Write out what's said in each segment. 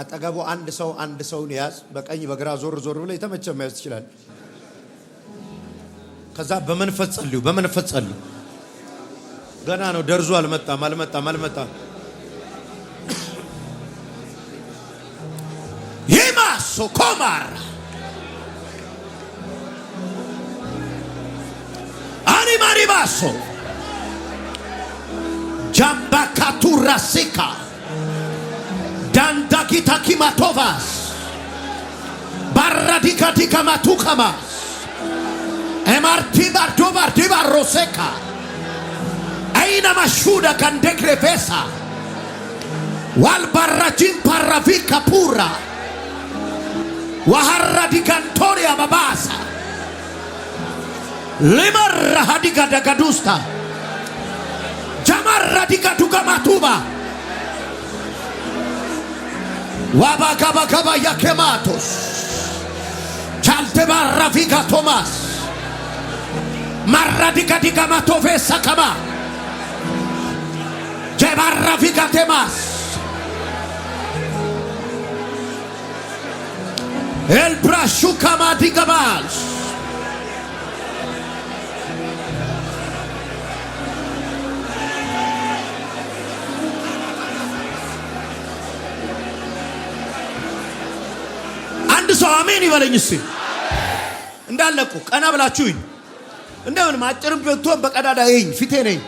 አጠገቡ አንድ ሰው አንድ ሰውን ያዝ። በቀኝ በግራ ዞር ዞር ብለ የተመቸ መያዝ ትችላል። ከዛ በመንፈስ ጸልዩ፣ በመንፈስ ጸልዩ። ገና ነው ደርዙ አልመጣም፣ አልመጣም፣ አልመጣም። ይማሶ ኮማር አኒማሪባሶ ጃምባካቱራሴካ dandakita kimatovas baradikatika matukamas roseka aina mashuda kandegrevesa walbarajin paravika pura waharadikantoria babasa limarahadikadagadusta jamarradikatukamatuba ዋባጋባጋባ ያኬማቶስ ቻልቴባራፊጋ ቶማስ ማራዲጋዲጋማቶፌሳከማ ጀባራፊጋ ቴማስ ኤልብራሹካማዲገባልስ አሜን ይበለኝ እስቲ እንዳለቁ ቀና ብላችሁኝ እንደምንም አጭርም ብትሆን በቀዳዳ ይኝ ፊቴ ነኝ።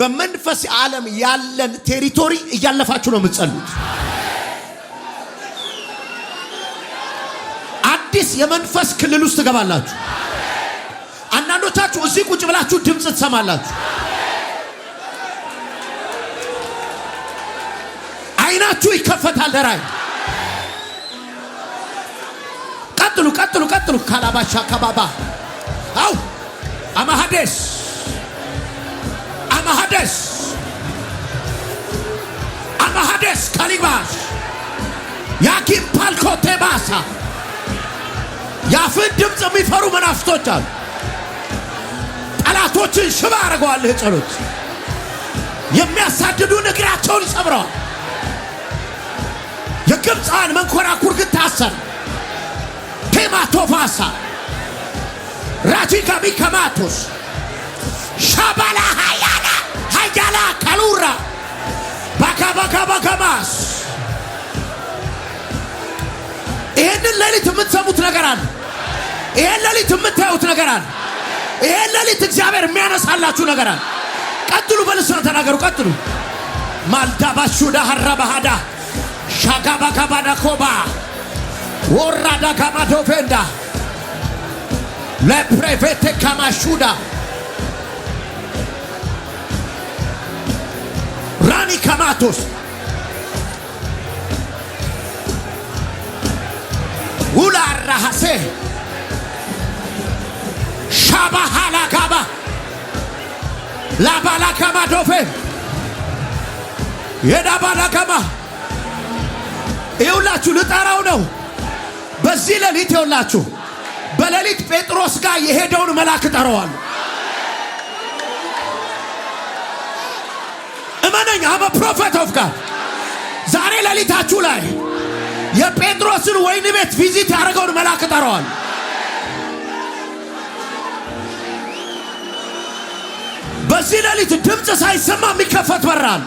በመንፈስ ዓለም ያለን ቴሪቶሪ እያለፋችሁ ነው የምትጸሉት። አዲስ የመንፈስ ክልል ውስጥ ትገባላችሁ። አንዳንዶቻችሁ እዚህ ቁጭ ብላችሁ ድምፅ ትሰማላችሁ። አይናችሁ ይከፈታል። ደራይ ቀጥሉ፣ ቀጥሉ፣ ቀጥሉ። ካላባሻ ከባባ አው አማሃዴስ አማሃዴስ አማሃዴስ ካሊባስ ያኪም ፓልኮ ቴባሳ የአፍን ድምፅ የሚፈሩ መናፍስቶች አሉ። ጠላቶችን ሽባ አድርገዋልህ ጸሎት የሚያሳድዱ እግራቸውን ይሰብረዋል። የግብፃን መንኮራኩር ግን ታሰር ሬማቶፋሳ ራቲካ ቢከማቶስ ሻባላ ሃያላ ሃያላ ካሉራ ባካባካባካማስ ይህንን ሌሊት የምትሰሙት ነገር አለ። ይህን ሌሊት የምታዩት ነገር አለ። ይህን ሌሊት እግዚአብሔር የሚያነሳላችሁ ነገር አለ። ቀጥሉ፣ በልሳን ተናገሩ። ቀጥሉ። ማልዳባሹ ዳሀራ ባህዳ ሻጋባጋባዳ ኮባ ወራዳ ካማዶቬንዳ ለፕሬቬቴ ካማሹዳ ራኒ ካማቶስ ውላ ራሐሴ ሻባ ሃላጋባ ላባላካማ ዶፌ የዳባላካማ ይውላችሁ ልጠራው ነው። በዚህ ሌሊት ይውላችሁ፣ በሌሊት ጴጥሮስ ጋር የሄደውን መልአክ እጠራዋለሁ። እመነኝ፣ አመ ፕሮፌት ኦፍ ጋድ። ዛሬ ሌሊታችሁ ላይ የጴጥሮስን ወይን ቤት ቪዚት ያደረገውን መልአክ እጠራዋለሁ። በዚህ ሌሊት ድምፅ ሳይሰማ የሚከፈት በራል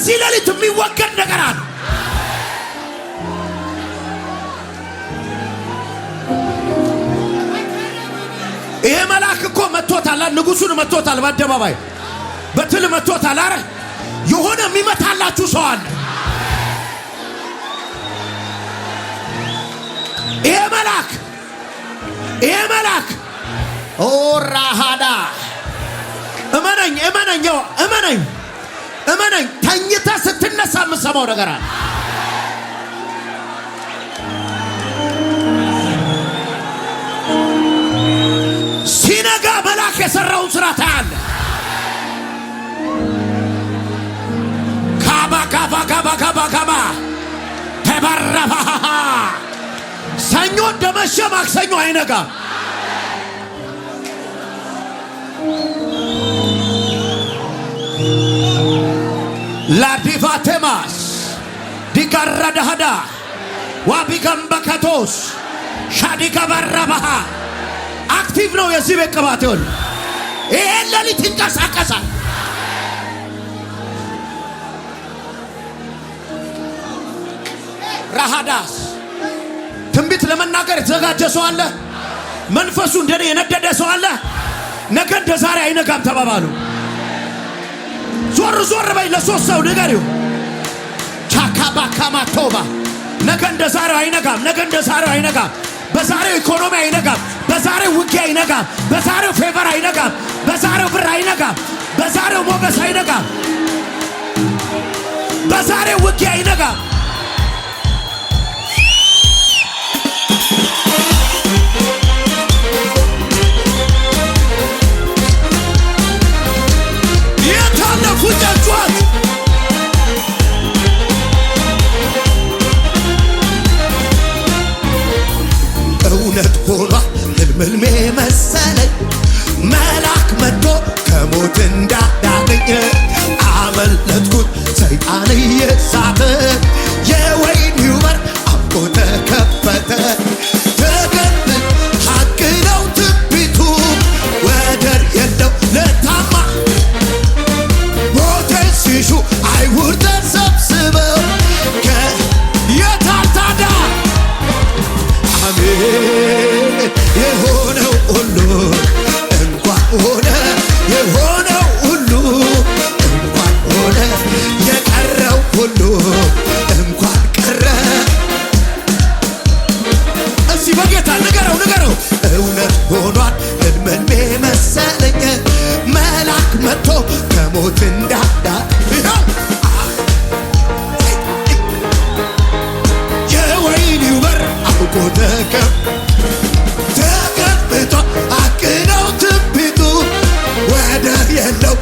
በዚህ ሌሊት የሚወገድ ነገር አለ። ይሄ መልአክ እኮ መጥቶታል፣ ንጉሱን መጥቶታል፣ በአደባባይ በትል መጥቶታል። አረ የሆነ የሚመታላችሁ ሰው አለ። ይሄ መልአክ ይሄ መልአክ ኦራሃዳ እመነኝ፣ እመነኝ፣ እመነኝ እመነኝ፣ ተኝተ ስትነሳ የምሰማው ነገር አለ። ሲነጋ መልአክ የሰራውን ስራ ታያለ። ካባ ካባ ካባ ካባ ካባ ተበረፋ ሰኞ ደመሸ ማክሰኞ አይነጋም። ላዲቫቴማስ ዲጋረዳሃዳ ዋቢገንበከቶስ ሻዲገበረባሃ አክቲቭ ነው። የዚህ ቤት ቅባት ይሆን ይሄን ሌሊት ይንቀሳቀሳል። ራሃዳስ ትንቢት ለመናገር የተዘጋጀ ሰው አለ። መንፈሱ እንደኔ የነደደ ሰው አለ። ነገ እንደ ዛሬ አይነጋም ተባባሉ። ዞር ዞር በይ። ለሶስት ሰው ንገሪው። ቻካባካማ ቶባ ነገ እንደ ዛሬው አይነጋም። ነገ እንደ ዛሬው አይነጋም። በዛሬው ኢኮኖሚ አይነጋም። በዛሬው ውጊያ አይነጋም። በዛሬው ፌቨር አይነጋም። በዛሬው ብር አይነጋም። በዛሬው ሞገስ አይነጋም። በዛሬው ውጊያ አይነጋም። ምልሜ መሰለኝ መላክ መጥቶ ከሞት እንዳዳነኝ አመለጥኩት ሰይጣን እየሳተ ተቀብቶ አቅነው ትቢቱ ወደር የለው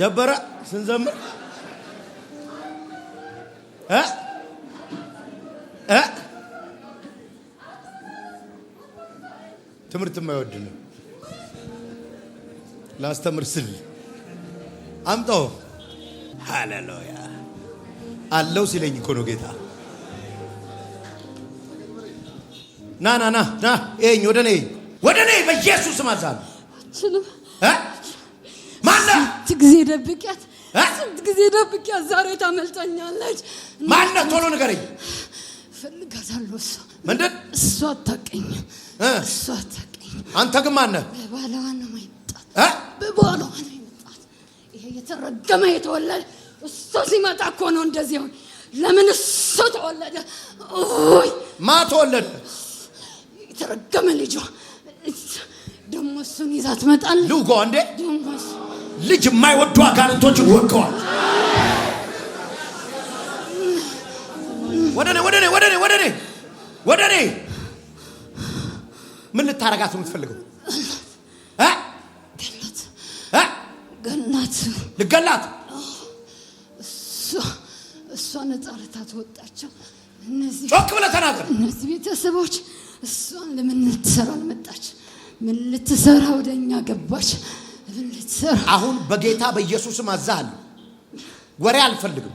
ደበረ ስንዘምር ትምህርት የማይወድ ነው። ላስተምር ስል አምጦ ሃሌሉያ አለው ሲለኝ እኮ ነው ጌታ። ና ና ና ና ይኸኝ ወደ እኔ ወደ እኔ በኢየሱስ ማዛል ማና ስንት ጊዜ ደብቂያት ስንት ጊዜ ደብቂያት፣ ዛሬ ታመልጠኛለች። ማና ቶሎ ንገረኝ። ፈልጋታለሁ። እሷ ምንድን እሷ አታውቅኝም፣ እሷ አታውቅኝም። አንተ ግን ማነህ? በባለዋ ነው የመጣት፣ በባለዋ ነው የመጣት። ይሄ የተረገመ የተወለደ እሱ ሲመጣ እኮ ነው እንደዚህ ሆን። ለምን እሱ ተወለደ? ይ ማ ተወለደ? የተረገመ ልጇ ደግሞ እሱን ይዛ ትመጣለች። ልጓ እንዴ ልጅ የማይወዱ አጋንንቶችን ወገዋል። ወደኔ ወደኔ ወደኔ ወደኔ ወደኔ ምን ልታረጋት የምትፈልገው? ገናት ልገላት እሷ ነጻረታት ወጣቸው። ጮክ ብለህ ተናገር። እነዚህ ቤተሰቦች እሷን ለምን ልትሰራ አልመጣች? ምን ልትሰራ ወደ እኛ ገባች? አሁን በጌታ በኢየሱስ አዛለሁ። ወሬ አልፈልግም።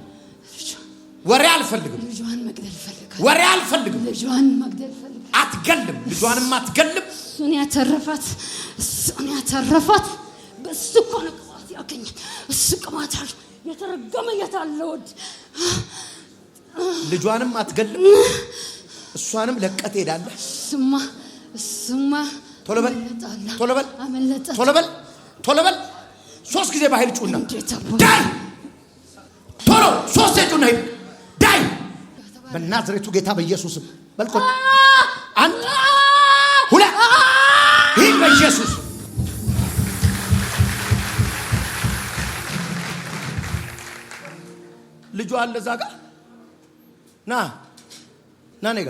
ወሬ አልፈልግም። ወሬ አልፈልግም። አትገልም። ልጇንም አትገልም። እሱን ያተረፋት እሱን ያተረፋት በእሱ እኮ ነው ቅባት ያገኛል። እሱ ቅባት አለ። የተረገመ የት አለ? ወድ ልጇንም አትገልም። እሷንም ለቀህ ትሄዳለህ። እሱማ እሱማ ቶሎ በል ቶሎ በል ቶሎ በል ቶሎ በል። ሶስት ጊዜ በኃይል ጩና ዳይ ቶሎ ሶስት የጩና ሂድ ዳይ በናዝሬቱ ጌታ በኢየሱስ በልቆ አንድ ሁለት ይህ በኢየሱስ ልጁ አለ እዛ ጋር ና ና ኔጋ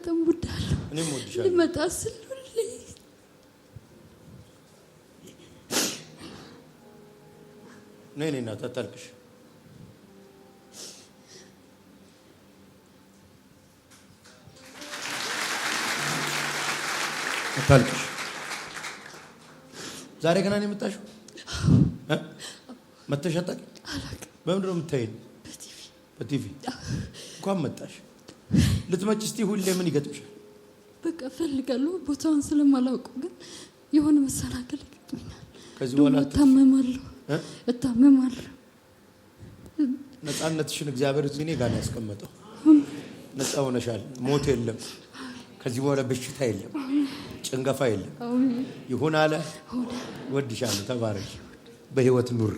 በጣም እወድሃለሁ። እኔም እወድሻለሁ። ልመጣ ስል ሁሌ ነይ እኔ እናት አታልቅሽ። አታልቅሽ። ዛሬ ገና ነው የመጣሽው? መተሽ አታውቂም? በምንድን ነው የምታይን? በቲቪ እንኳን መጣሽ። ልትመጭ እስቲ ሁሌ ምን ይገጥምሻል? በቃ ፈልጋለሁ ቦታውን ስለማላውቀው ግን የሆነ መሰናክል ይገጥመኛል። ከዚህ በኋላ እታመማለሁ እታመማለሁ። ነፃነትሽን እግዚአብሔር እኔ ጋር ያስቀመጠው ነፃ ሆነሻል። ሞት የለም ከዚህ በኋላ በሽታ የለም፣ ጭንገፋ የለም። ይሁን አለ ወድሻለሁ። ተባረሽ በህይወት ኑር።